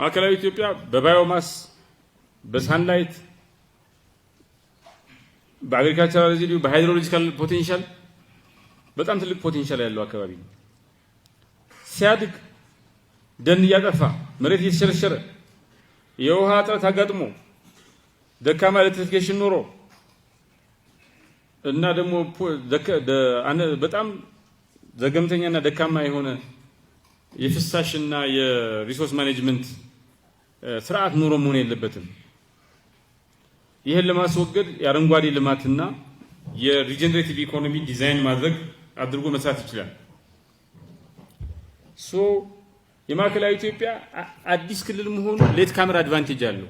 ማዕከላዊ ኢትዮጵያ በባዮማስ በሳንላይት በአግሪካልቸራል ሬዚዲዩ በሃይድሮሎጂካል ፖቴንሻል በጣም ትልቅ ፖቴንሻል ያለው አካባቢ ነው። ሲያድግ ደን እያጠፋ መሬት እየተሸረሸረ የውሃ እጥረት አጋጥሞ ደካማ ኤሌክትሪፊኬሽን ኖሮ እና ደግሞ በጣም ዘገምተኛና ደካማ የሆነ የፍሳሽና የሪሶርስ ማኔጅመንት ስርዓት ኑሮ መሆን የለበትም። ይህን ለማስወገድ የአረንጓዴ ልማትና የሪጀነሬቲቭ ኢኮኖሚ ዲዛይን ማድረግ አድርጎ መስራት ይችላል። ሶ የማዕከላዊ ኢትዮጵያ አዲስ ክልል መሆኑ ሌት ካሜራ አድቫንቴጅ አለው።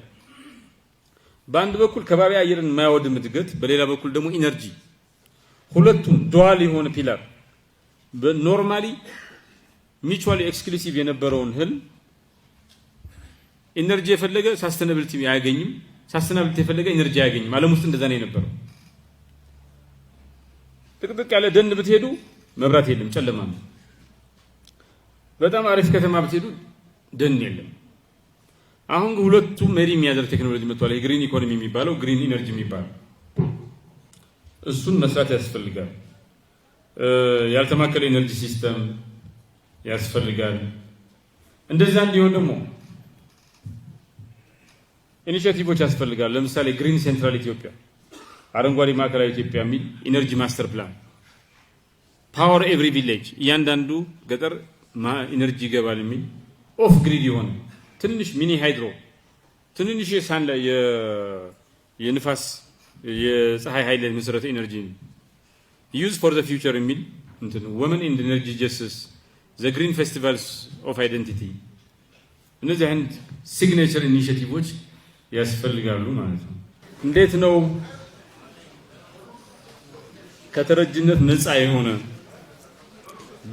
በአንድ በኩል ከባቢ አየርን የማያወድም እድገት፣ በሌላ በኩል ደግሞ ኢነርጂ፣ ሁለቱም ዱዋል የሆነ ፒላር ኖርማሊ ሚቹዋሊ ኤክስክሉሲቭ የነበረውን ህልም ኢነርጂ የፈለገ ሳስተናብሊቲ አያገኝም፣ ሳስተናብሊቲ የፈለገ ኢነርጂ አያገኝም። ዓለም ውስጥ እንደዛ ነው የነበረው። ጥቅጥቅ ያለ ደን ብትሄዱ መብራት የለም፣ ጨለማ ነው። በጣም አሪፍ ከተማ ብትሄዱ ደን የለም። አሁን ሁለቱ መሪ የሚያደርግ ቴክኖሎጂ መጥቷል። የግሪን ኢኮኖሚ የሚባለው ግሪን ኢነርጂ የሚባለው እሱን መስራት ያስፈልጋል። ያልተማከለ ኢነርጂ ሲስተም ያስፈልጋል። እንደዛ እንዲሆን ደግሞ ኢኒሽቲቮች ያስፈልጋል። ለምሳሌ ግሪን ሴንትራል ኢትዮጵያ፣ አረንጓዴ ማዕከላዊ ኢትዮጵያ የሚል ኢነርጂ ማስተር ፕላን፣ ፓወር ኤቭሪ ቪሌጅ፣ እያንዳንዱ ገጠር ኢነርጂ ይገባል የሚል ኦፍ ግሪድ የሆነ ትንሽ ሚኒ ሃይድሮ፣ ትንንሽ የሳን የንፋስ የፀሐይ ኃይል መሰረተ ኢነርጂ ዩዝ ፎር ዘ ፊውቸር የሚል እንትን ወመን ኢንድ ኢነርጂ ጀስስ ግሪን ፌስቲቫልስ ኦፍ አይደንቲቲ እነዚህ አይነት ሲግኔቸር ኢኒሽቲቮች ያስፈልጋሉ ማለት ነው። እንዴት ነው ከተረጅነት ነፃ የሆነ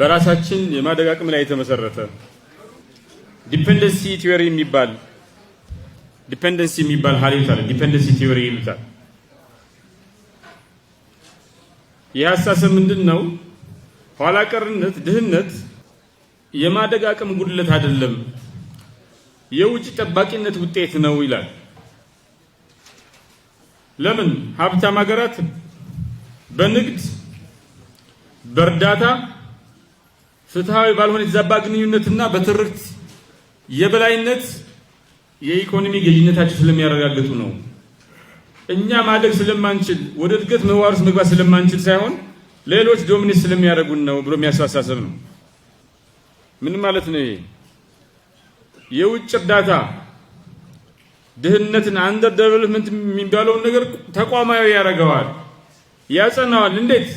በራሳችን የማደግ አቅም ላይ የተመሰረተ ዲፔንደንሲ ቲዮሪ የሚባል ዲፔንደንሲ የሚባል ሀሊት አለ። ዲፔንደንሲ ቲዮሪ ይሉታል። ይህ አስተሳሰብ ምንድን ነው? ኋላ ቀርነት፣ ድህነት የማደግ አቅም ጉድለት አይደለም፣ የውጭ ጠባቂነት ውጤት ነው ይላል። ለምን ሀብታም ሀገራት በንግድ በእርዳታ ፍትሃዊ ባልሆነ የተዛባ ግንኙነትና በትርክት የበላይነት የኢኮኖሚ ገዥነታቸው ስለሚያረጋግጡ ነው። እኛ ማደግ ስለማንችል ወደ እድገት ምህዋር ውስጥ መግባት ስለማንችል ሳይሆን ሌሎች ዶሚኒስ ስለሚያደርጉን ነው ብሎ የሚያሳሳስብ ነው። ምን ማለት ነው? ይሄ የውጭ እርዳታ ድህነትን አንደር ደቨሎፕመንት የሚባለውን ነገር ተቋማዊ ያደርገዋል፣ ያጸናዋል። እንዴት?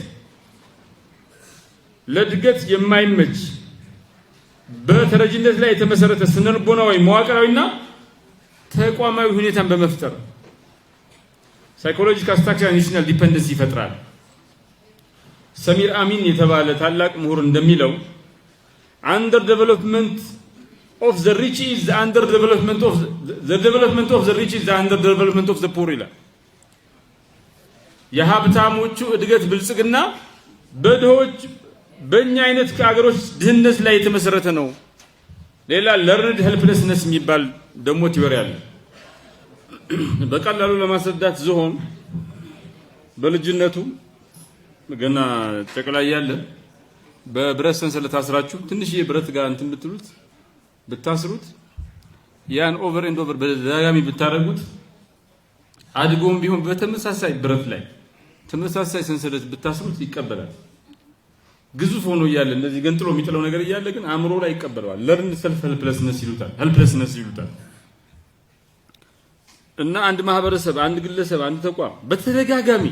ለእድገት የማይመች በተረጅነት ላይ የተመሰረተ ስነልቦናዊ መዋቅራዊና ተቋማዊ ሁኔታን በመፍጠር ሳይኮሎጂካል ስትራክቸር ኢንስቲትዩሽናል ዲፐንደንስ ይፈጥራል። ሰሚር አሚን የተባለ ታላቅ ምሁር እንደሚለው under development of the rich is the under development of the, the development of the rich is the under development of the poor ይላል። የሀብታሞቹ እድገት ብልጽግና በድሆች በእኛ አይነት ከአገሮች ድህነት ላይ የተመሰረተ ነው። ሌላ ለርንድ ሄልፕለስነስ የሚባል ደግሞ ቲዮሪ አለ። በቀላሉ ለማስረዳት ዝሆን በልጅነቱ ገና ጨቅላ እያለ በብረት ሰንሰለት አስራችሁ ትንሽዬ ብረት ጋር እንትን ብትሉት ብታስሩት ያን ኦቨር ኤንድ ኦቨር በተደጋጋሚ ብታደርጉት አድጎም ቢሆን በተመሳሳይ ብረት ላይ ተመሳሳይ ሰንሰለት ብታስሩት ይቀበላል። ግዙፍ ሆኖ እያለ እንደዚህ ገንጥሎ የሚጥለው ነገር እያለ ግን አእምሮ ላይ ይቀበለዋል። ለርን ሰልፍ ሄልፕለስነስ ይሉታል፣ ሄልፕለስነስ ይሉታል። እና አንድ ማህበረሰብ፣ አንድ ግለሰብ፣ አንድ ተቋም በተደጋጋሚ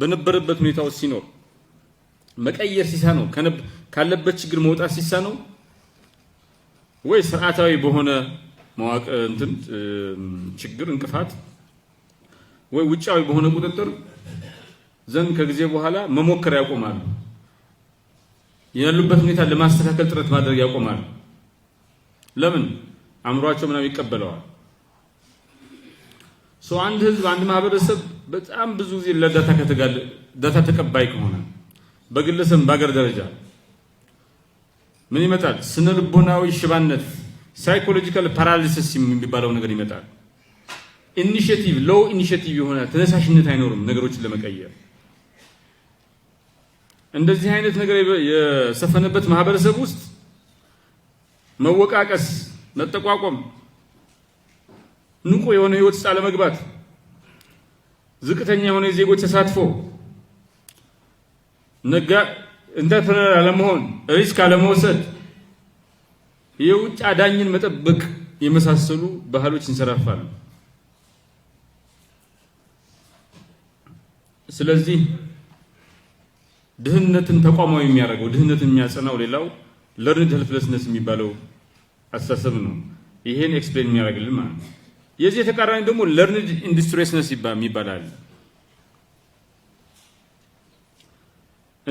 በነበረበት ሁኔታ ውስጥ ሲኖር መቀየር ሲሳነው ካለበት ችግር መውጣት ሲሳ ነው። ወይ ስርዓታዊ በሆነ መዋቅ እንትን ችግር እንቅፋት ወይ ውጫዊ በሆነ ቁጥጥር ዘንድ ከጊዜ በኋላ መሞከር ያቆማሉ። ያሉበት ሁኔታ ለማስተካከል ጥረት ማድረግ ያቆማሉ። ለምን አእምሯቸው ምናምን ይቀበለዋል። ሰው አንድ ህዝብ፣ አንድ ማህበረሰብ በጣም ብዙ ጊዜ ለዳታ ተቀባይ ከሆነ በግለሰብ በአገር ደረጃ ምን ይመጣል? ስነ ልቦናዊ ሽባነት ሳይኮሎጂካል ፓራሊሲስ የሚባለው ነገር ይመጣል። ኢኒሽቲቭ ሎው ኢኒሽቲቭ የሆነ ተነሳሽነት አይኖርም ነገሮችን ለመቀየር። እንደዚህ አይነት ነገር የሰፈነበት ማህበረሰብ ውስጥ መወቃቀስ፣ መጠቋቋም፣ ንቁ የሆነ ህይወት ውስጥ አለመግባት፣ ዝቅተኛ የሆነ የዜጎች ተሳትፎ ኢንተርፕረነር አለመሆን፣ ሪስክ አለመውሰድ፣ የውጭ አዳኝን መጠበቅ የመሳሰሉ ባህሎች ይንሰራፋሉ። ስለዚህ ድህነትን ተቋማዊ የሚያደርገው ድህነትን የሚያጸናው ሌላው ለርንድ ሄልፕለስነስ የሚባለው አስተሳሰብ ነው። ይሄን ኤክስፕሌን የሚያደርግልን ማለት ነው። የዚህ የተቃራኒ ደግሞ ለርንድ ኢንዱስትሪስነስ የሚባል አለ።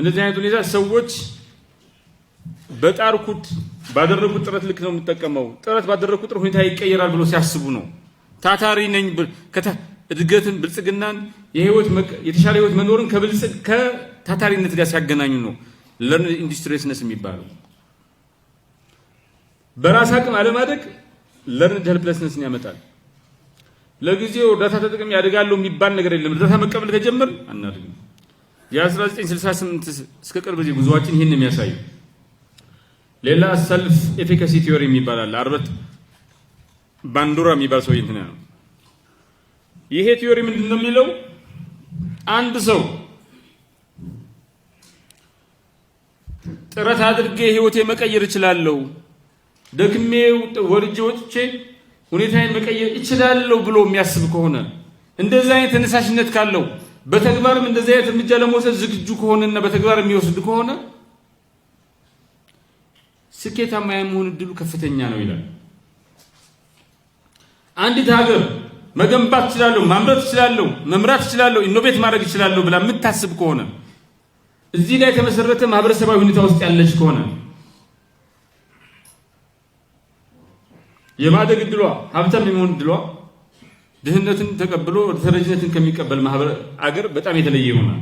እንደዚህ አይነት ሁኔታ ሰዎች በጣርኩት ባደረኩት ጥረት ልክ ነው የምጠቀመው፣ ጥረት ባደረኩት ጥረት ሁኔታ ይቀየራል ብሎ ሲያስቡ ነው። ታታሪ ነኝ እድገትን፣ ብልጽግናን፣ የተሻለ ህይወት መኖርን ከታታሪነት ጋር ሲያገናኙ ነው ለርን ኢንዱስትሪስነስ የሚባለው። በራስ አቅም አለማደግ ለርን ሄልፕለስነስን ያመጣል። ለጊዜው እርዳታ ተጠቅሜ ያደጋለሁ የሚባል ነገር የለም። እርዳታ መቀበል ከጀመር አናድግም። የ1968 እስከ ቅርብ ጊዜ ጉዞዋችን ይህን የሚያሳዩ ሌላ ሰልፍ ኤፊካሲ ቲዮሪ የሚባል አለ። አርበት ባንዱራ የሚባል ሰው እንትን ነው። ይሄ ቲዮሪ ምንድን ነው የሚለው? አንድ ሰው ጥረት አድርጌ ህይወቴ መቀየር እችላለሁ፣ ደክሜ ወርጄ ወጥቼ ሁኔታዬን መቀየር እችላለሁ ብሎ የሚያስብ ከሆነ እንደዚህ አይነት ተነሳሽነት ካለው በተግባርም እንደዚህ አይነት እርምጃ ለመውሰድ ዝግጁ ከሆነና በተግባር የሚወስድ ከሆነ ስኬታማ የመሆን እድሉ ከፍተኛ ነው ይላል። አንዲት ሀገር መገንባት እችላለሁ፣ ማምረት እችላለሁ፣ መምራት እችላለሁ፣ ኢኖቬት ማድረግ እችላለሁ ብላ የምታስብ ከሆነ እዚህ ላይ የተመሰረተ ማህበረሰባዊ ሁኔታ ውስጥ ያለች ከሆነ የማደግ እድሏ ሀብታም የመሆን እድሏ ድህነትን ተቀብሎ ተረጅነትን ከሚቀበል ማህበር አገር በጣም የተለየ ይሆናል።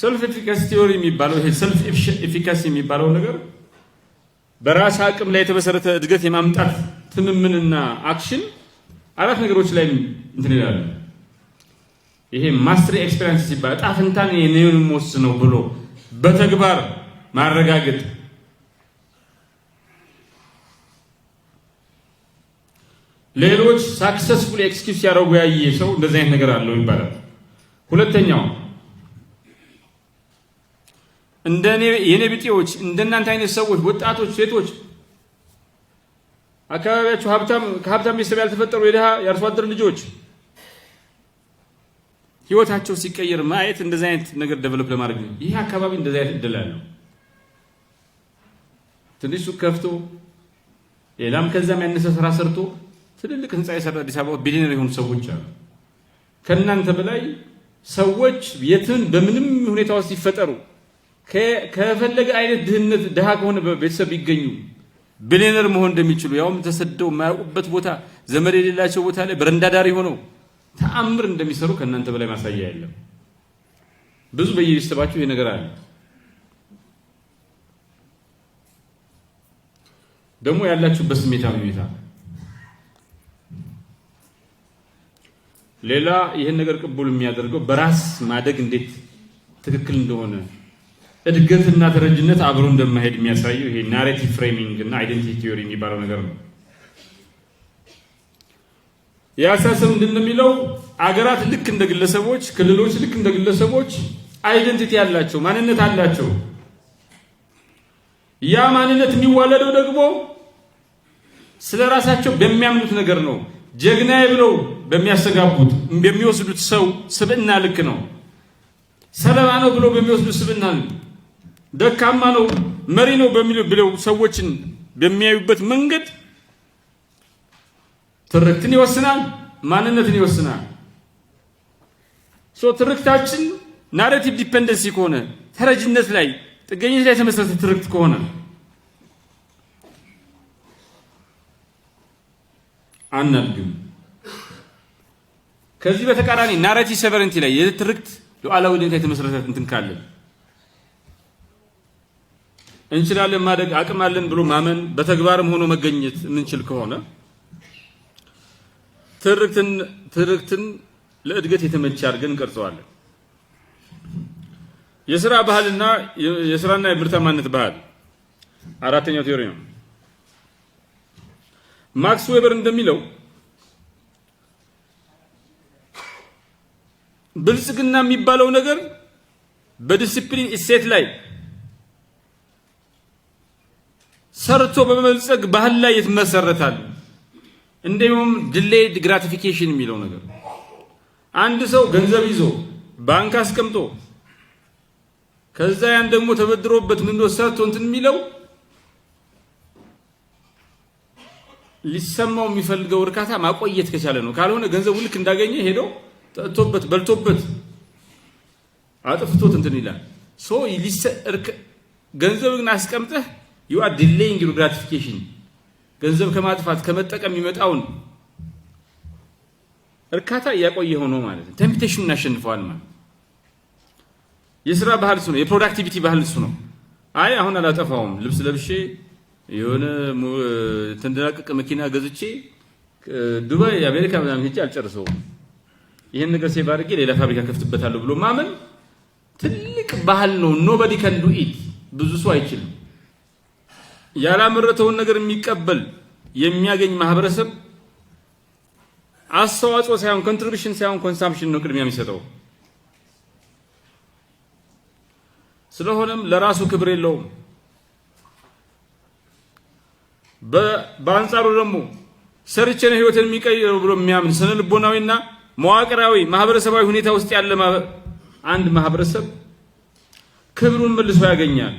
ሰልፍ ኤፊካሲ ቲዮሪ የሚባለው ይሄ ሰልፍ ኤፊካሲ የሚባለው ነገር በራስ አቅም ላይ የተመሰረተ እድገት የማምጣት ትምምንና አክሽን አራት ነገሮች ላይ እንትን ይላል። ይሄ ማስትሪ ኤክስፔሪንስ ሲባል ጣፍንታን የኔን ወስነው ብሎ በተግባር ማረጋገጥ ሌሎች ሳክሰስፉል ኤክስኪውስ ሲያደርጉ ያየ ሰው እንደዚህ አይነት ነገር አለው ይባላል። ሁለተኛው እንደ የኔ ብጤዎች እንደናንተ አይነት ሰዎች ወጣቶች፣ ሴቶች አካባቢያቸው ሀብታም ከሀብታም ቤተሰብ ያልተፈጠሩ የድሃ የአርሶ አደር ልጆች ህይወታቸው ሲቀየር ማየት እንደዚህ አይነት ነገር ደቨሎፕ ለማድረግ ነው። ይህ አካባቢ እንደዚህ አይነት እድል አለው። ትንሽ ሱቅ ከፍቶ ሌላም ከዛም ያነሰ ስራ ሰርቶ ትልልቅ ህንፃ የሰራ አዲስ አበባ ቢሊዮነር የሆኑ ሰዎች አሉ። ከእናንተ በላይ ሰዎች የትን በምንም ሁኔታ ውስጥ ይፈጠሩ ከፈለገ አይነት ድህነት ድሃ ከሆነ በቤተሰብ ቢገኙ ቢሊዮነር መሆን እንደሚችሉ ያውም ተሰደው የማያውቁበት ቦታ ዘመድ የሌላቸው ቦታ ላይ በረንዳ ዳሪ ሆነው ተአምር እንደሚሰሩ ከእናንተ በላይ ማሳያ የለም። ብዙ በየቤተሰባችሁ ይሄ ነገር አለ። ደግሞ ያላችሁበት ስሜታዊ ሁኔታ ሌላ ይህን ነገር ቅቡል የሚያደርገው በራስ ማደግ እንዴት ትክክል እንደሆነ እድገትና ተረጅነት አብሮ እንደማሄድ የሚያሳየው ይሄ ናሬቲቭ ፍሬሚንግ እና አይደንቲቲ ቲዮሪ የሚባለው ነገር ነው። የአስተሳሰብ ምንድን ነው የሚለው አገራት ልክ እንደ ግለሰቦች፣ ክልሎች ልክ እንደ ግለሰቦች አይደንቲቲ አላቸው፣ ማንነት አላቸው። ያ ማንነት የሚዋለደው ደግሞ ስለ ራሳቸው በሚያምኑት ነገር ነው። ጀግናዬ ብለው በሚያስተጋቡት በሚወስዱት ሰው ስብና ልክ ነው። ሰለባ ነው ብሎ በሚወስዱት ስብና ልክ፣ ደካማ ነው መሪ ነው ብለው ሰዎችን በሚያዩበት መንገድ ትርክትን ይወስናል፣ ማንነትን ይወስናል። ሶ ትርክታችን ናሬቲቭ ዲፐንደንሲ ከሆነ ተረጅነት ላይ ጥገኝነት ላይ የተመሰረተ ትርክት ከሆነ አናድግም። ከዚህ በተቃራኒ ናራቲ ሰቨረንቲ ላይ የትርክት ሉዓላዊነት የተመሰረተ እንትን ካለን እንችላለን ማደግ አቅም አለን ብሎ ማመን በተግባርም ሆኖ መገኘት የምንችል ከሆነ ትርክትን ትርክትን ለእድገት የተመቸ አድርገን እንቀርጸዋለን። የስራ ባህልና የስራና የምርታማነት ባህል አራተኛው ቴዎሪ ነው። ማክስ ዌበር እንደሚለው ብልጽግና የሚባለው ነገር በዲስፕሊን እሴት ላይ ሰርቶ በመልጸግ ባህል ላይ ይመሰረታል። እንደውም ድሌድ ግራቲፊኬሽን የሚለው ነገር አንድ ሰው ገንዘብ ይዞ ባንክ አስቀምጦ ከዛ ያን ደግሞ ተበድሮበት ምን ሰርቶ እንትን የሚለው ሊሰማው የሚፈልገው እርካታ ማቆየት ከቻለ ነው። ካልሆነ ገንዘቡ ልክ እንዳገኘ ሄዶ ጠጥቶበት በልቶበት አጥፍቶት እንትን ይላል። ሶ ገንዘብ ግን አስቀምጠህ ዩ አር ዲሌይንግ ዩር ግራቲፊኬሽን ገንዘብ ከማጥፋት ከመጠቀም የሚመጣውን እርካታ እያቆየ ሆኖ ማለት ነው። ቴምፕቴሽኑን እናሸንፈዋል ማለት የስራ ባህል እሱ ነው። የፕሮዳክቲቪቲ ባህል እሱ ነው። አይ አሁን አላጠፋውም፣ ልብስ ለብሼ የሆነ ተንደላቀቀ መኪና ገዝቼ ዱባይ፣ አሜሪካ ምናምን ሄጄ አልጨርሰውም። ይህን ነገር ሴቭ አድርጌ ሌላ ፋብሪካ ከፍትበታለሁ ብሎ ማመን ትልቅ ባህል ነው። ኖበዲ ከን ዱ ኢት ብዙ ሰው አይችልም። ያላመረተውን ነገር የሚቀበል የሚያገኝ ማህበረሰብ አስተዋጽኦ ሳይሆን ኮንትሪቢሽን ሳይሆን ኮንሳምፕሽን ነው ቅድሚያ የሚሰጠው። ስለሆነም ለራሱ ክብር የለውም። በአንጻሩ ደግሞ ሰርቼ ነው ህይወትን የሚቀይረው ብሎ የሚያምን ስነ ልቦናዊና መዋቅራዊ ማህበረሰባዊ ሁኔታ ውስጥ ያለ አንድ ማህበረሰብ ክብሩን መልሶ ያገኛል።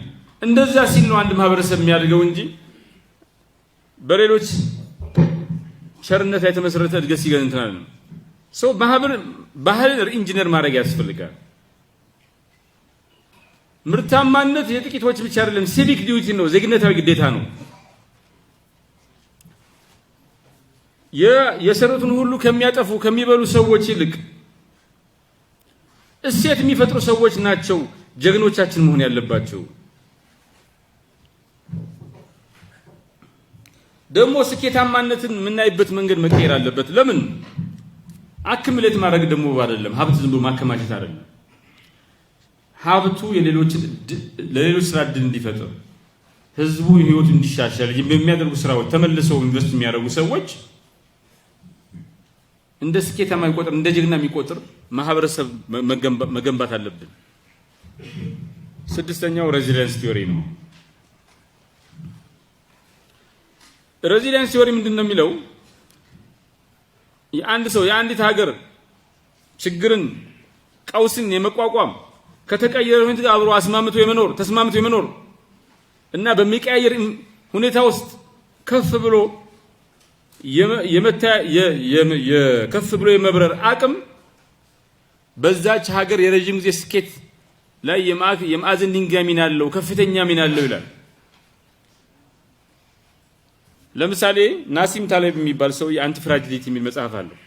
እንደዛ ሲል ነው አንድ ማህበረሰብ የሚያድገው እንጂ በሌሎች ቸርነት ላይ የተመሰረተ እድገት ሲገንትናል ነው። ሰው ማህበር ባህልን ኢንጂነር ማድረግ ያስፈልጋል። ምርታማነት የጥቂቶች ብቻ አይደለም፣ ሲቪክ ዲዩቲ ነው፣ ዜግነታዊ ግዴታ ነው። የሰሩትን ሁሉ ከሚያጠፉ ከሚበሉ ሰዎች ይልቅ እሴት የሚፈጥሩ ሰዎች ናቸው ጀግኖቻችን መሆን ያለባቸው። ደግሞ ስኬታማነትን የምናይበት መንገድ መቀየር አለበት። ለምን አክምሌት ማድረግ ደግሞ አይደለም፣ ሀብት ዝም ብሎ ማከማቸት አይደለም። ሀብቱ ለሌሎች ስራ እድል እንዲፈጥር ህዝቡ ህይወት እንዲሻሻል የሚያደርጉ ስራዎች ተመልሰው ኢንቨስት የሚያደርጉ ሰዎች እንደ ስኬታ የማይቆጥር እንደ ጀግና የሚቆጥር ማህበረሰብ መገንባት አለብን። ስድስተኛው ሬዚሊየንስ ቲዮሪ ነው። ሬዚሊየንስ ቲዮሪ ምንድን ነው የሚለው የአንድ ሰው የአንዲት ሀገር ችግርን፣ ቀውስን የመቋቋም ከተቀየረ ሁኔታ ጋር አብሮ አስማምቶ የመኖር ተስማምቶ የመኖር እና በሚቀያየር ሁኔታ ውስጥ ከፍ ብሎ የከፍ ብሎ የመብረር አቅም በዛች ሀገር የረዥም ጊዜ ስኬት ላይ የማዕዘን ድንጋይ ሚና አለው፣ ከፍተኛ ሚና አለው ይላል። ለምሳሌ ናሲም ታለብ የሚባል ሰው የአንቲ ፍራጅሊቲ የሚል መጽሐፍ አለው።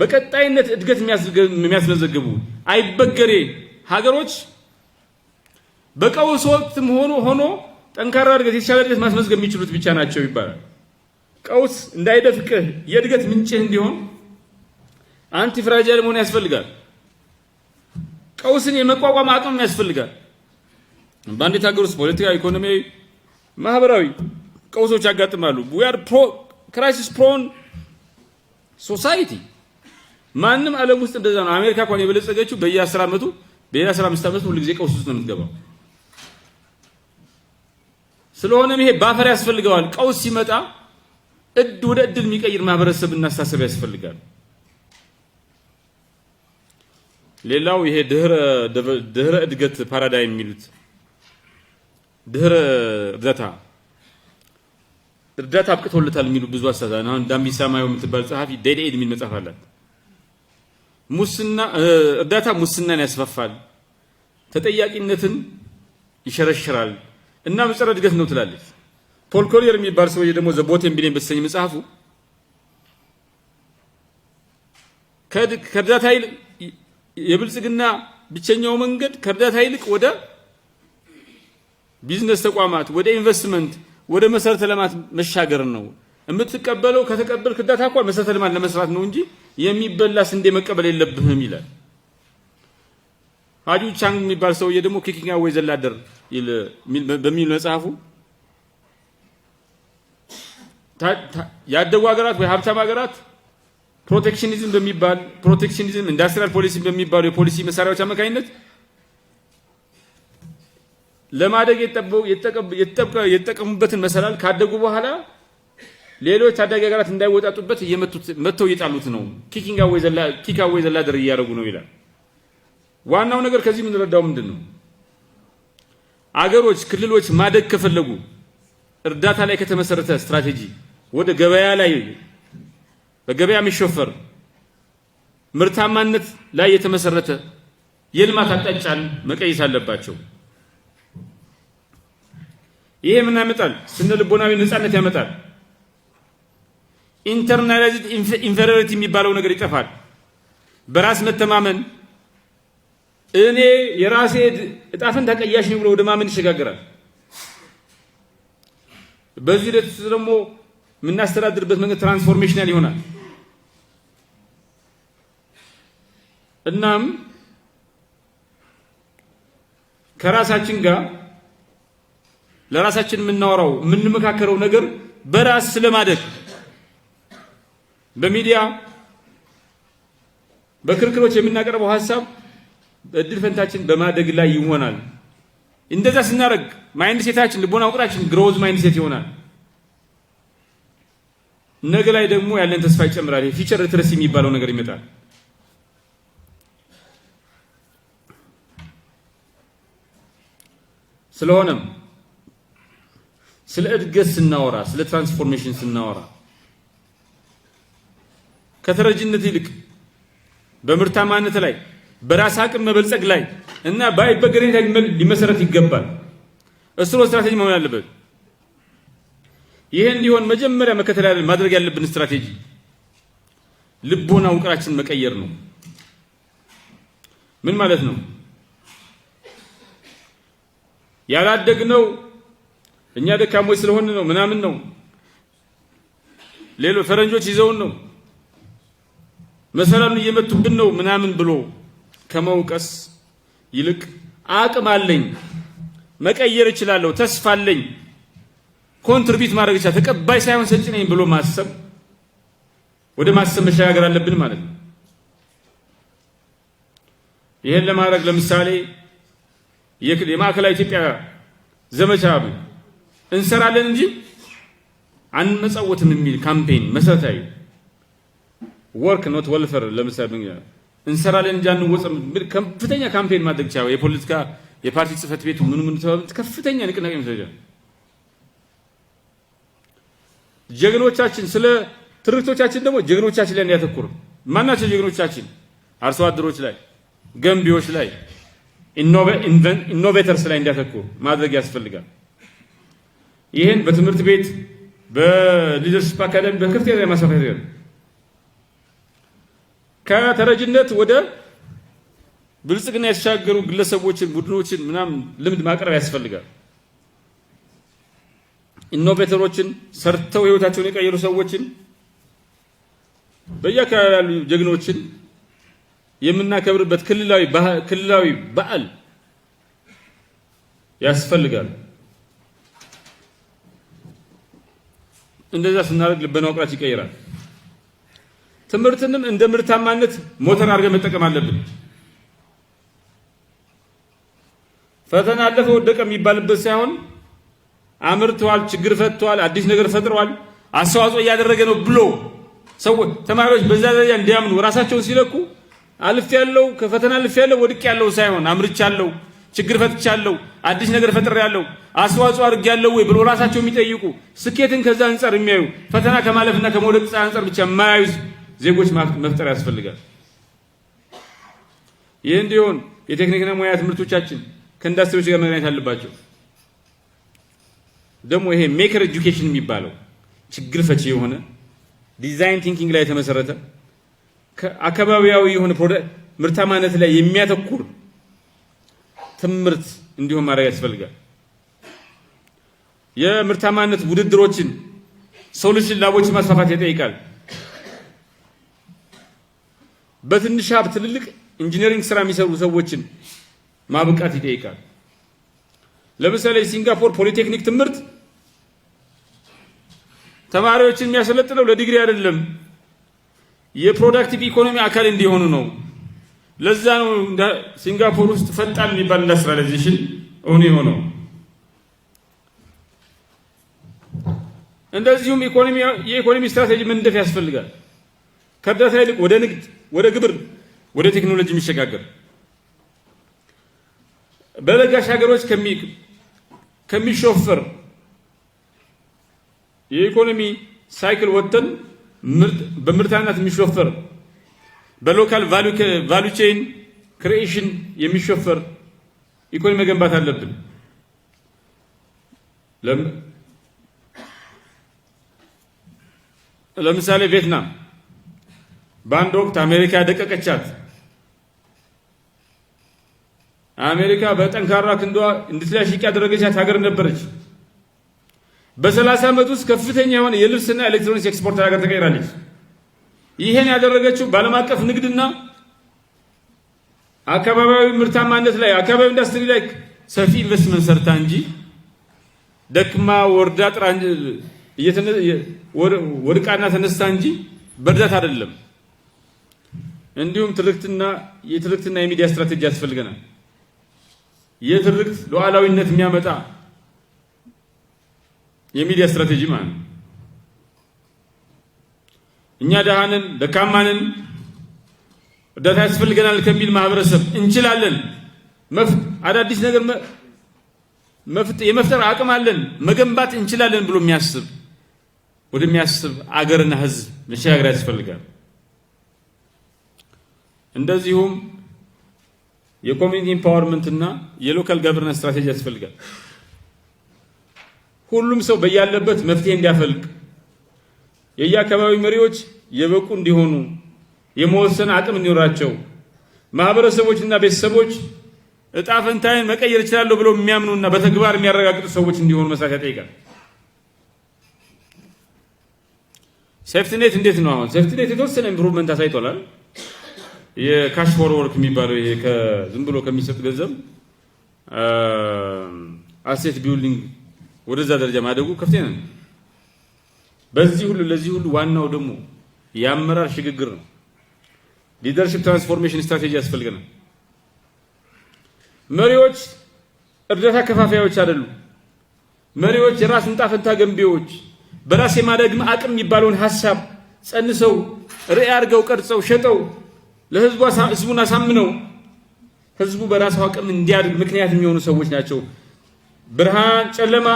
በቀጣይነት እድገት የሚያስመዘግቡ አይበገሬ ሀገሮች በቀውስ ወቅትም ሆኖ ሆኖ ጠንካራ እድገት የተሻለ እድገት ማስመዝገብ የሚችሉት ብቻ ናቸው ይባላል። ቀውስ እንዳይደፍቅህ የእድገት ምንጭህ እንዲሆን አንቲ ፍራጃይል መሆን ያስፈልጋል። ቀውስን የመቋቋም አቅም ያስፈልጋል። በአንዲት ሀገር ውስጥ ፖለቲካ፣ ኢኮኖሚያዊ፣ ማህበራዊ ቀውሶች ያጋጥማሉ። ዊ ክራይሲስ ፕሮን ሶሳይቲ። ማንም ዓለም ውስጥ እንደዛ ነው። አሜሪካ እንኳን የበለጸገችው በየ10 ዓመቱ በየ15 ዓመቱ ሁልጊዜ ቀውስ ውስጥ ነው የምትገባው። ስለሆነም ይሄ ባፈር ያስፈልገዋል። ቀውስ ሲመጣ እድ ወደ እድል የሚቀይር ማህበረሰብ እናሳሰብ ያስፈልጋል። ሌላው ይሄ ድህረ ድህረ እድገት ፓራዳይም የሚሉት ድህረ እርዳታ እርዳታ አብቅቶለታል የሚሉ ብዙ አሳዛኝ አሁን ዳምቢ ሳማዮ የምትባል ጸሐፊ ዴድ ኤድ የሚል መጽሐፍ አላት። ሙስና እርዳታ ሙስናን ያስፋፋል፣ ተጠያቂነትን ይሸረሽራል እና ምጸረ እድገት ነው ትላለች። ፖል ኮሊየር የሚባል ሰውዬ ደግሞ ዘቦቴን ቢሊየን መጽሐፉ ከእርዳታ ይልቅ የብልጽግና ብቸኛው መንገድ ከእርዳታ ይልቅ ወደ ቢዝነስ ተቋማት፣ ወደ ኢንቨስትመንት፣ ወደ መሰረተ ልማት መሻገር ነው። የምትቀበለው ከተቀበል እርዳታ እንኳን መሰረተ ልማት ለመስራት ነው እንጂ የሚበላ ስንዴ መቀበል የለብህም ይላል። ሀጂ ቻንግ የሚባል ሰውዬ ደግሞ ኪኪንግ አዌይ ዘላደር በሚል መጽሐፉ ያደጉ ሀገራት ወይ ሀብታም ሀገራት ፕሮቴክሽኒዝም በሚባል ፕሮቴክሽኒዝም ኢንዳስትሪያል ፖሊሲ በሚባሉ የፖሊሲ መሳሪያዎች አማካኝነት ለማደግ የተጠቀሙበትን መሰላል ካደጉ በኋላ ሌሎች ታዳጊ ሀገራት እንዳይወጣጡበት እየመቱት መተው እየጣሉት ነው። ኪኪንግ አዌይ ዘላ ኪክ አዌይ ዘላ ድር እያደረጉ ነው ይላል። ዋናው ነገር ከዚህ የምንረዳው ምንድን ነው? አገሮች፣ ክልሎች ማደግ ከፈለጉ እርዳታ ላይ ከተመሰረተ ስትራቴጂ ወደ ገበያ ላይ በገበያ የሚሾፈር ምርታማነት ላይ የተመሰረተ የልማት አቅጣጫን መቀየስ አለባቸው። ይሄ ምን ያመጣል? ስነ ልቦናዊ ነፃነት ያመጣል። ኢንተርናላይዝድ ኢንፌሪዮሪቲ የሚባለው ነገር ይጠፋል። በራስ መተማመን እኔ የራሴ እጣፍን ተቀያሽ ብሎ ወደ ማመን ይሸጋግራል። በዚህ ሂደት ደግሞ የምናስተዳድርበት መንገድ ትራንስፎርሜሽናል ይሆናል። እናም ከራሳችን ጋር ለራሳችን የምናወራው የምንመካከረው ነገር በራስ ስለማደግ በሚዲያ በክርክሮች የምናቀርበው ሀሳብ እድል ፈንታችን በማደግ ላይ ይሆናል። እንደዛ ስናደርግ ማይንድ ሴታችን ልቦና አውቅራችን ግሮዝ ማይንድ ሴት ይሆናል። ነገ ላይ ደግሞ ያለን ተስፋ ይጨምራል። ፊቸር ትረስ የሚባለው ነገር ይመጣል። ስለሆነም ስለ እድገት ስናወራ፣ ስለ ትራንስፎርሜሽን ስናወራ ከተረጅነት ይልቅ በምርታማነት ላይ በራስ አቅም መበልጸግ ላይ እና በአይበገሬነት ላይ ሊመሰረት ይገባል። እሱ ስትራቴጂ መሆን ያለበት። ይህ እንዲሆን መጀመሪያ መከተል ማድረግ ያለብን ስትራቴጂ ልቦና ውቅራችን መቀየር ነው። ምን ማለት ነው? ያላደግነው እኛ ደካሞች ስለሆን ነው ምናምን ነው ሌሎ ፈረንጆች ይዘውን ነው መሰላሉን እየመቱብን ነው ምናምን ብሎ ከመውቀስ ይልቅ አቅም አለኝ፣ መቀየር እችላለሁ፣ ተስፋ አለኝ፣ ኮንትሪቢዩት ማድረግ ይችላል፣ ተቀባይ ሳይሆን ሰጪ ነኝ ብሎ ማሰብ ወደ ማሰብ መሸጋገር አለብን ማለት ነው። ይሄን ለማድረግ ለምሳሌ የማዕከላዊ ኢትዮጵያ ዘመቻ እንሰራለን እንጂ አንመጻወትም የሚል ካምፔን መሰረታዊ ወርክ ኖት ወልፈር ለምሳሌ እንሰራለን እንጂ አንወጽም። ከፍተኛ ካምፔን ማድረግ ይቻላል። የፖለቲካ የፓርቲ ጽህፈት ቤቱ ምኑ ምኑ ተባብ ከፍተኛ ንቅናቄ መስጃ ጀግኖቻችን ስለ ትርክቶቻችን ደግሞ ጀግኖቻችን ላይ እንዲያተኩር ማናቸው ጀግኖቻችን አርሶ አደሮች ላይ፣ ገንቢዎች ላይ፣ ኢኖቬተርስ ላይ እንዲያተኩር ማድረግ ያስፈልጋል። ይህን በትምህርት ቤት በሊደርሽፕ አካዳሚ በከፍተኛ ላይ ማስፋፋት ከተረጅነት ወደ ብልጽግና የተሻገሩ ግለሰቦችን፣ ቡድኖችን ምናምን ልምድ ማቅረብ ያስፈልጋል። ኢኖቬተሮችን፣ ሰርተው ህይወታቸውን የቀየሩ ሰዎችን፣ በየአካባቢ ያሉ ጀግኖችን የምናከብርበት ክልላዊ በዓል ያስፈልጋል። እንደዛ ስናደርግ ልበና ይቀይራል። ትምህርትንም እንደ ምርታማነት ሞተር አድርገን መጠቀም አለብን። ፈተና አለፈ ወደቀ የሚባልበት ሳይሆን አምርተዋል፣ ችግር ፈትተዋል፣ አዲስ ነገር ፈጥረዋል፣ አስተዋጽኦ እያደረገ ነው ብሎ ሰዎች ተማሪዎች በዛ ደረጃ እንዲያምኑ ራሳቸውን ሲለኩ አልፍ ያለው ከፈተና አልፍ ያለው ወድቅ ያለው ሳይሆን አምርቻለሁ፣ ችግር ፈትቻለሁ፣ አዲስ ነገር ፈጥሬያለሁ፣ አስተዋጽኦ አድርጌያለሁ ወይ ብሎ ራሳቸው የሚጠይቁ ስኬትን ከዛ አንጻር የሚያዩ ፈተና ከማለፍና ከመውደቅ አንጻር ብቻ የማያዩ ዜጎች መፍጠር ያስፈልጋል። ይህ እንዲሆን የቴክኒክና ሙያ ትምህርቶቻችን ከኢንዱስትሪዎች ጋር መገናኘት አለባቸው። ደግሞ ይሄ ሜከር ኤጁኬሽን የሚባለው ችግር ፈቺ የሆነ ዲዛይን ቲንኪንግ ላይ የተመሰረተ አካባቢያዊ የሆነ ምርታማነት ላይ የሚያተኩር ትምህርት እንዲሆን ማድረግ ያስፈልጋል። የምርታማነት ውድድሮችን፣ ሶሉሽን ላቦችን ማስፋፋት ይጠይቃል። በትንሽ ሀብት ትልልቅ ኢንጂነሪንግ ስራ የሚሰሩ ሰዎችን ማብቃት ይጠይቃል። ለምሳሌ ሲንጋፖር ፖሊቴክኒክ ትምህርት ተማሪዎችን የሚያሰለጥነው ለዲግሪ አይደለም፣ የፕሮዳክቲቭ ኢኮኖሚ አካል እንዲሆኑ ነው። ለዛ ነው ሲንጋፖር ውስጥ ፈጣን የሚባል ኢንዱስትሪያላይዜሽን እውን የሆነው። እንደዚሁም የኢኮኖሚ ስትራቴጂ መንደፍ ያስፈልጋል። ከእርዳታ ይልቅ ወደ ንግድ፣ ወደ ግብር፣ ወደ ቴክኖሎጂ የሚሸጋገር በለጋሽ ሀገሮች ከሚሾፈር የኢኮኖሚ ሳይክል ወጥተን በምርታነት የሚሾፈር በሎካል ቫሉ ቼን ክሪኤሽን የሚሾፈር ኢኮኖሚ መገንባት አለብን። ለምሳሌ ቪየትናም በአንድ ወቅት አሜሪካ ያደቀቀቻት አሜሪካ በጠንካራ ክንዷ እንድትላሽቅ ያደረገቻት ሀገር ነበረች። በሰላሳ ዓመት ውስጥ ከፍተኛ የሆነ የልብስና ኤሌክትሮኒክስ ኤክስፖርት ሀገር ተቀይራለች። ይህን ያደረገችው በዓለም አቀፍ ንግድና አካባቢያዊ ምርታማነት ላይ አካባቢ ኢንዱስትሪ ላይ ሰፊ ኢንቨስትመንት ሰርታ እንጂ ደክማ ወርዳ ጥራ ወድቃና ተነስታ እንጂ በእርዳታ አይደለም። እንዲሁም ትርክትና የትርክትና የሚዲያ ስትራቴጂ ያስፈልገናል። የትርክት ሉዓላዊነት የሚያመጣ የሚዲያ ስትራቴጂ ማለት ነው። እኛ ደሃንን ደካማንን እርዳታ ያስፈልገናል ከሚል ማህበረሰብ እንችላለን፣ አዳዲስ ነገር የመፍጠር አቅም አለን፣ መገንባት እንችላለን ብሎ የሚያስብ ወደሚያስብ አገርና ህዝብ መሸጋገር ያስፈልጋል። እንደዚሁም የኮሚኒቲ ኢምፓወርመንት እና የሎካል ጋቨርነንስ ስትራቴጂ ያስፈልጋል። ሁሉም ሰው በያለበት መፍትሄ እንዲያፈልቅ የየአካባቢ መሪዎች የበቁ እንዲሆኑ የመወሰን አቅም እንዲኖራቸው ማህበረሰቦች እና ቤተሰቦች እጣ ፈንታዬን መቀየር እችላለሁ ብለው የሚያምኑና በተግባር የሚያረጋግጡ ሰዎች እንዲሆኑ መስራት ያጠይቃል። ሴፍትኔት እንዴት ነው? አሁን ሴፍትኔት የተወሰነ ኢምፕሩቭመንት አሳይቶላል። የካሽ ፎርወርክ የሚባለው ይሄ ከዝም ብሎ ከሚሰጥ ገንዘብ አሴት ቢውልዲንግ ወደዛ ደረጃ ማደጉ ከፍተኛ ነው። በዚህ ሁሉ ለዚህ ሁሉ ዋናው ደግሞ የአመራር ሽግግር ነው። ሊደርሽፕ ትራንስፎርሜሽን ስትራቴጂ ያስፈልገናል። መሪዎች እርዳታ ከፋፋዮች አይደሉም። መሪዎች የራስ እንጣፈንታ ገንቢዎች፣ በራስ የማደግ አቅም የሚባለውን ሀሳብ ጸንሰው ርዕይ አድርገው ቀርጸው ሸጠው ለህዝቡ ህዝቡን አሳምነው ህዝቡ በራሱ አቅም እንዲያድግ ምክንያት የሚሆኑ ሰዎች ናቸው። ብርሃን ጨለማ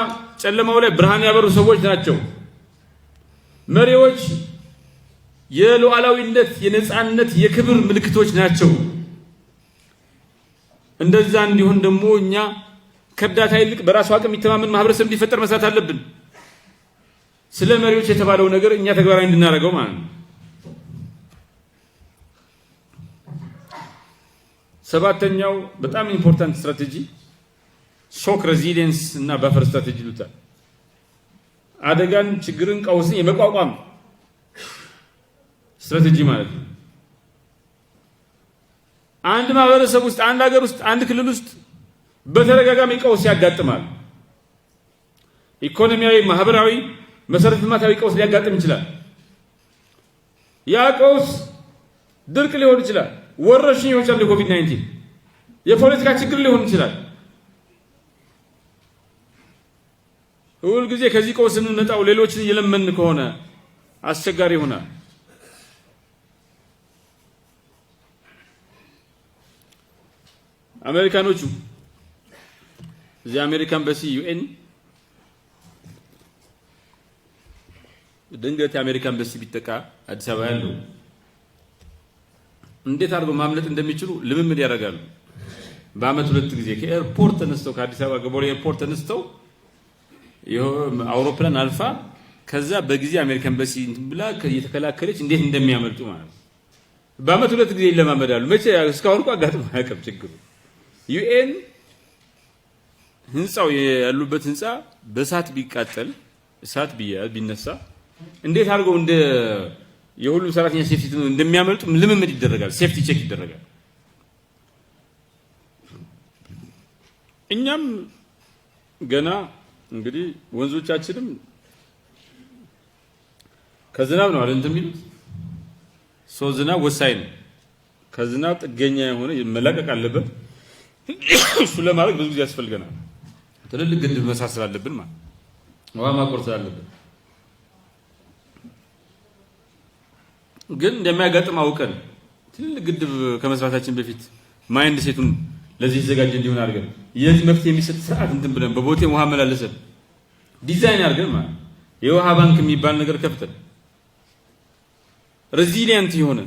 ጨለማው ላይ ብርሃን ያበሩ ሰዎች ናቸው። መሪዎች የሉዓላዊነት፣ የነፃነት፣ የክብር ምልክቶች ናቸው። እንደዛ እንዲሆን ደግሞ እኛ ከእርዳታ ይልቅ በራሱ አቅም የሚተማመን ማህበረሰብ እንዲፈጠር መስራት አለብን። ስለ መሪዎች የተባለው ነገር እኛ ተግባራዊ እንድናደርገው ማለት ነው። ሰባተኛው በጣም ኢምፖርታንት ስትራቴጂ ሾክ ሬዚሊየንስ እና ባፈር ስትራቴጂ ይሉታል። አደጋን፣ ችግርን፣ ቀውስን የመቋቋም ስትራቴጂ ማለት ነው። አንድ ማህበረሰብ ውስጥ፣ አንድ ሀገር ውስጥ፣ አንድ ክልል ውስጥ በተደጋጋሚ ቀውስ ያጋጥማል። ኢኮኖሚያዊ፣ ማህበራዊ፣ መሰረተ ልማታዊ ቀውስ ሊያጋጥም ይችላል። ያ ቀውስ ድርቅ ሊሆን ይችላል። ወረርሽኝ ይሆናል። ኮቪድ 19 የፖለቲካ ችግር ሊሆን ይችላል። ሁል ጊዜ ከዚህ ቀውስ የምንመጣው ሌሎችን እየለመን ከሆነ አስቸጋሪ ይሆናል። አሜሪካኖቹ እዚህ አሜሪካን በሲ ዩኤን ድንገት የአሜሪካን በሲ ቢጠቃ አዲስ አበባ ያለው እንዴት አድርገው ማምለጥ እንደሚችሉ ልምምድ ያደርጋሉ። በአመት ሁለት ጊዜ ከኤርፖርት ተነስተው ከአዲስ አበባ ገቦሬ ኤርፖርት ተነስተው አውሮፕላን አልፋ ከዛ በጊዜ አሜሪካን በሲ ብላ እየተከላከለች እንዴት እንደሚያመልጡ ማለት ነው። በአመት ሁለት ጊዜ ይለማመዳሉ። መቼ እስካሁን እኮ አጋጥሞ አያውቅም ችግሩ። ዩኤን ህንፃው ያሉበት ህንፃ በእሳት ቢቃጠል እሳት ቢያዝ ቢነሳ እንዴት አድርገው እንደ የሁሉም ሰራተኛ ሴፍቲ እንደሚያመልጡ ልምምድ ይደረጋል። ሴፍቲ ቼክ ይደረጋል። እኛም ገና እንግዲህ ወንዞቻችንም ከዝናብ ነው አይደል እንደሚሉት ሰው ዝናብ ወሳኝ ነው። ከዝናብ ጥገኛ የሆነ መላቀቅ አለበት። እሱ ለማድረግ ብዙ ጊዜ ያስፈልገናል። ትልልቅ ግድብ መሳሰል አለብን ማለት ውሃ ማቆር ስላለብን ግን እንደሚያጋጥም አውቀን ትልልቅ ግድብ ከመስራታችን በፊት ማይንድ ሴቱን ለዚህ የተዘጋጀ እንዲሆን አድርገን የዚህ መፍትሄ የሚሰጥ ስርዓት እንትን ብለን በቦቴ ውሃ መላለሰን ዲዛይን አድርገን ማለት የውሃ ባንክ የሚባል ነገር ከፍተን ሬዚሊየንት የሆነ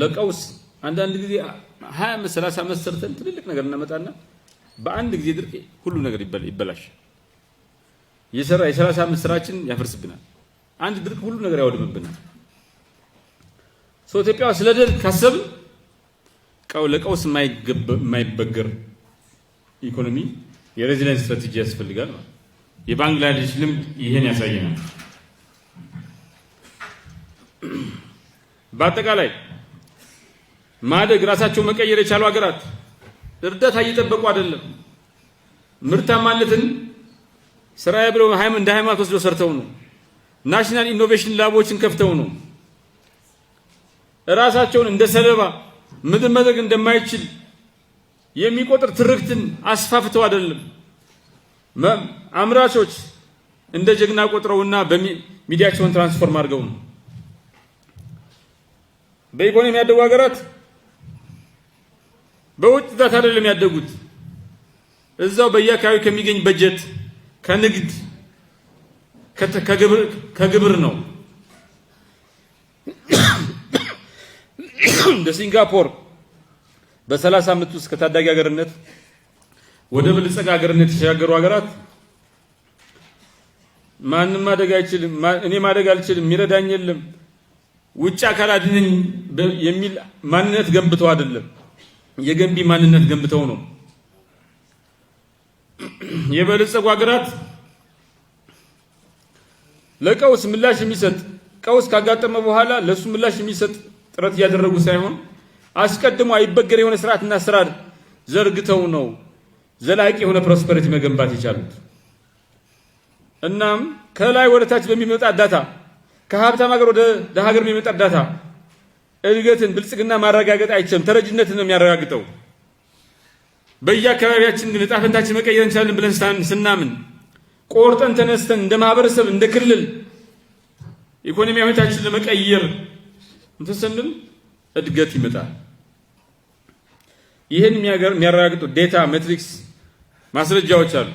ለቀውስ አንዳንድ ጊዜ ሀያ አምስት ሰላሳ አምስት ሰርተን ትልልቅ ነገር እናመጣና በአንድ ጊዜ ድርቅ ሁሉ ነገር ይበላሽ የሰራ የሰላሳ አምስት ስራችን ያፈርስብናል። አንድ ድርቅ ሁሉ ነገር ያወድምብናል። ሰው ኢትዮጵያ ስለ ድል ካሰብን ለቀውስ የማይበገር ኢኮኖሚ የሬዚሊየንስ ስትራቴጂ ያስፈልጋል። የባንግላዴሽ ልምድ ይህን ያሳየናል። በአጠቃላይ ማደግ ራሳቸው መቀየር የቻሉ ሀገራት እርዳታ እየጠበቁ አይደለም። ምርታማነትን ስራዬ ብለው እንደ ሃይማኖት ወስደው ሰርተው ነው። ናሽናል ኢኖቬሽን ላቦችን ከፍተው ነው። ራሳቸውን እንደ ሰለባ ምድር መድረግ እንደማይችል የሚቆጥር ትርክትን አስፋፍተው አይደለም አምራቾች እንደ ጀግና ቆጥረውና ሚዲያቸውን ትራንስፎርም አድርገው ነው። በኢኮኖሚ ያደጉ ሀገራት በውጭ ጣት አይደለም ያደጉት። እዛው በየአካባቢ ከሚገኝ በጀት፣ ከንግድ፣ ከግብር ነው። እንደ ሲንጋፖር በ30 ዓመት ውስጥ ከታዳጊ ሀገርነት ወደ ብልጽግ ሀገርነት የተሸጋገሩ ሀገራት ማንም ማደግ አይችልም፣ እኔ ማደግ አልችልም፣ የሚረዳኝ የለም፣ ውጭ አካል አድነኝ የሚል ማንነት ገንብተው አይደለም፣ የገንቢ ማንነት ገንብተው ነው። የበለጸጉ ሀገራት ለቀውስ ምላሽ የሚሰጥ ቀውስ ካጋጠመ በኋላ ለሱ ምላሽ የሚሰጥ ጥረት እያደረጉ ሳይሆን አስቀድሞ አይበገር የሆነ ስርዓትና አሰራር ዘርግተው ነው ዘላቂ የሆነ ፕሮስፐሪቲ መገንባት የቻሉት። እናም ከላይ ወደ ታች በሚመጣ እርዳታ ከሀብታም ሀገር ወደ ደሃ ሀገር በሚመጣ እርዳታ እድገትን፣ ብልጽግና ማረጋገጥ አይችልም። ተረጅነትን ነው የሚያረጋግጠው። በየአካባቢያችን ዕጣ ፈንታችን መቀየር እንችላለን ብለን ስናምን ቆርጠን ተነስተን እንደ ማህበረሰብ እንደ ክልል ኢኮኖሚ ሁኔታችን ለመቀየር እንትስንም እድገት ይመጣል። ይህን የሚያረጋግጡ ዴታ ሜትሪክስ ማስረጃዎች አሉ።